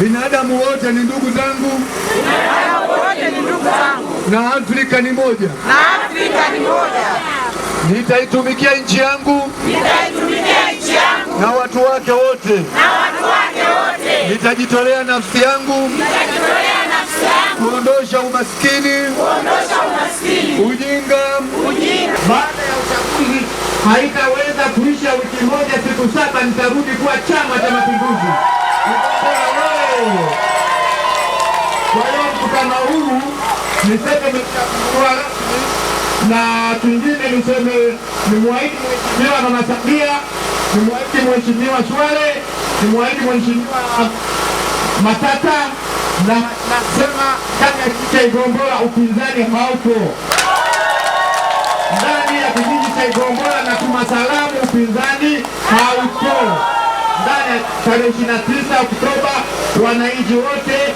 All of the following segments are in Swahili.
Binadamu wote ni ndugu zangu, binadamu wote ni ndugu zangu, na Afrika ni moja, na Afrika ni moja. Nitaitumikia nchi yangu, nitaitumikia nchi yangu na watu wake wote, na watu wake wote. Nitajitolea nafsi yangu, nitajitolea nafsi yangu kuondosha umaskini, kuondosha umaskini, ujinga, ujinga. Baada ya uchaguzi haitaweza kuisha wiki moja, siku saba, nitarudi kuwa Chama cha Mapinduzi. niseme Mtwara na kingine niseme nimwahidi mheshimiwa Mama Samia, nimwahidi mheshimiwa Shwale, nimwahidi mheshimiwa Matata na nasema ndani ya kijiji cha Igombora upinzani haupo. Ndani ya kijiji cha Igombora na salamu upinzani haupo. Ndani ya tarehe 29 Oktoba wananchi wote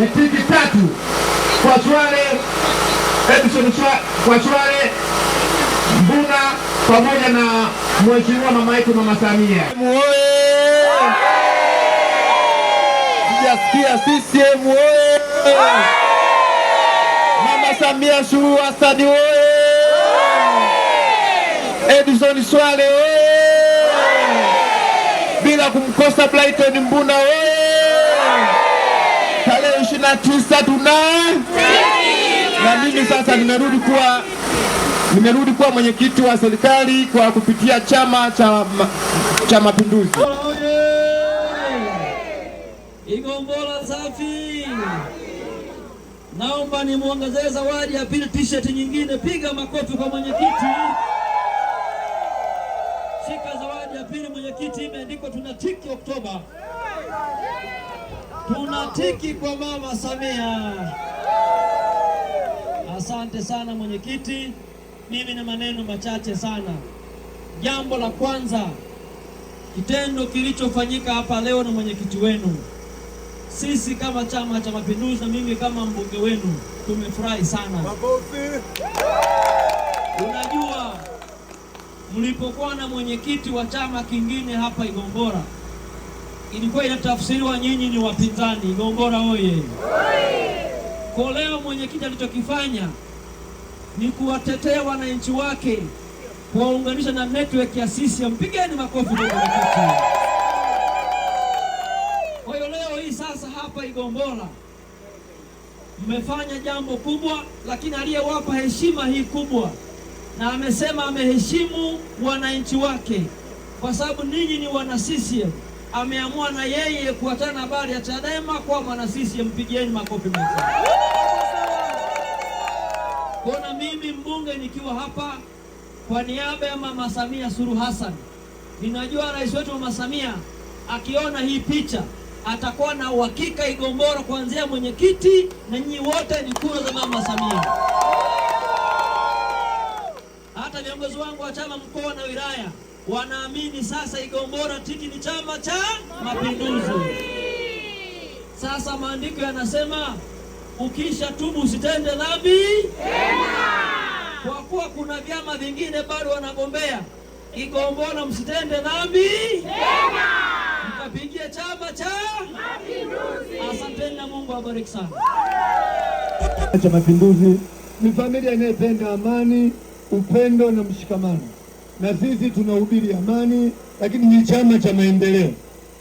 ni tiki tatu kwa Chwale Edison kwa Chwale Mbuna pamoja na mheshimiwa mama yetu Mama Samia. Sijasikia CCM oye! Mama Samia Suluhu Hassan oye! Edison Swale oye! Bila kumkosa Brighton Mbuna oye! ishirini na tisa tunaye na mimi sasa nimerudi kuwa nimerudi kuwa mwenyekiti wa serikali kwa kupitia Chama cha, cha Mapinduzi. Igombora safi. Naomba nimwongezee zawadi ya pili t-shirt nyingine. Piga makofi kwa mwenyekiti. Shika zawadi ya pili mwenyekiti, imeandikwa tuna tiki Oktoba tunatiki kwa Mama Samia. Asante sana mwenyekiti, mimi na maneno machache sana. Jambo la kwanza, kitendo kilichofanyika hapa leo na mwenyekiti wenu, sisi kama Chama cha Mapinduzi na mimi kama mbunge wenu tumefurahi sana. Unajua, mlipokuwa na mwenyekiti wa chama kingine hapa igombora ilikuwa inatafsiriwa nyinyi ni wapinzani. Ngongora oye! Kwa leo mwenyekiti alichokifanya ni kuwatetea wananchi wake, kuwaunganisha na network ya CCM. Mpigeni makofi kwa mwenyekiti. Kwa hiyo leo hii sasa hapa Igombora mmefanya jambo kubwa, lakini aliyewapa heshima hii kubwa na amesema ameheshimu wananchi wake, kwa sababu ninyi ni wana CCM ameamua na yeye kuachana na habari ya Chadema kwa mwana CCM, mpigieni makofi mengi. Kona mimi mbunge nikiwa hapa kwa niaba ya Mama Samia Suluhu Hassan, ninajua rais wetu Mama Samia akiona hii picha atakuwa na uhakika Igomboro kuanzia mwenyekiti na nyinyi wote ni kura za Mama Samia. Hata viongozi wangu wa chama mkoa na wilaya wanaamini sasa Igombora tiki ni Chama cha Mapinduzi. Sasa maandiko yanasema ukisha tubu usitende dhambi tena, kwa kuwa kuna vyama vingine bado wanagombea Igombora, msitende dhambi tena, mkapigie Chama cha Mapinduzi. Asanteni na Mungu awabariki sana. Chama cha Mapinduzi ni familia inayopenda amani, upendo na mshikamano na sisi tunahubiri amani, lakini ni chama cha maendeleo.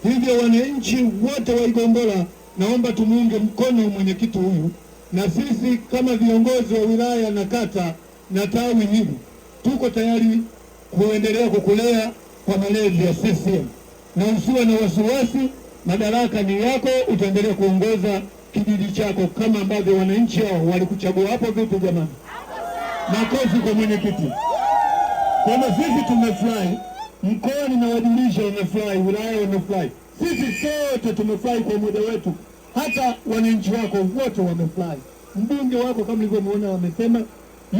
Hivyo wananchi wote wa Igombola, naomba tumuunge mkono mwenyekiti huyu, na sisi kama viongozi wa wilaya na kata na tawi hili tuko tayari kuendelea kukulea kwa malezi ya CCM, na usiwe na wasiwasi, madaraka ni yako, utaendelea kuongoza kijiji chako kama ambavyo wananchi hao walikuchagua. Hapo vipi jamani? Makofi kwa mwenyekiti. Kwa hiyo sisi tumefurahi, mkoa ninawajulisha umefurahi, wilaya umefurahi, sisi sote tumefurahi kwa umoja wetu. Hata wananchi wako wote wamefurahi. Mbunge wako kama nilivyomuona, wamesema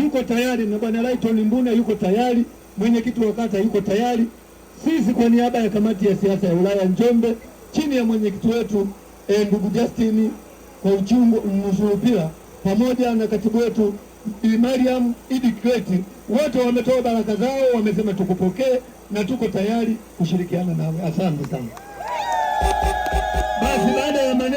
yuko tayari na bwana Laito Limbuna yuko tayari, mwenyekiti wa kata yuko tayari. Sisi kwa niaba ya kamati ya siasa ya wilaya Njombe chini ya mwenyekiti wetu eh, ndugu Justini kwa uchungu pia pamoja na katibu wetu Bi Mariam Idi Kikwete wote wametoa baraka zao, wamesema tukupokee na tuko tayari kushirikiana nawe. Asante sana. Basi baada ya maneno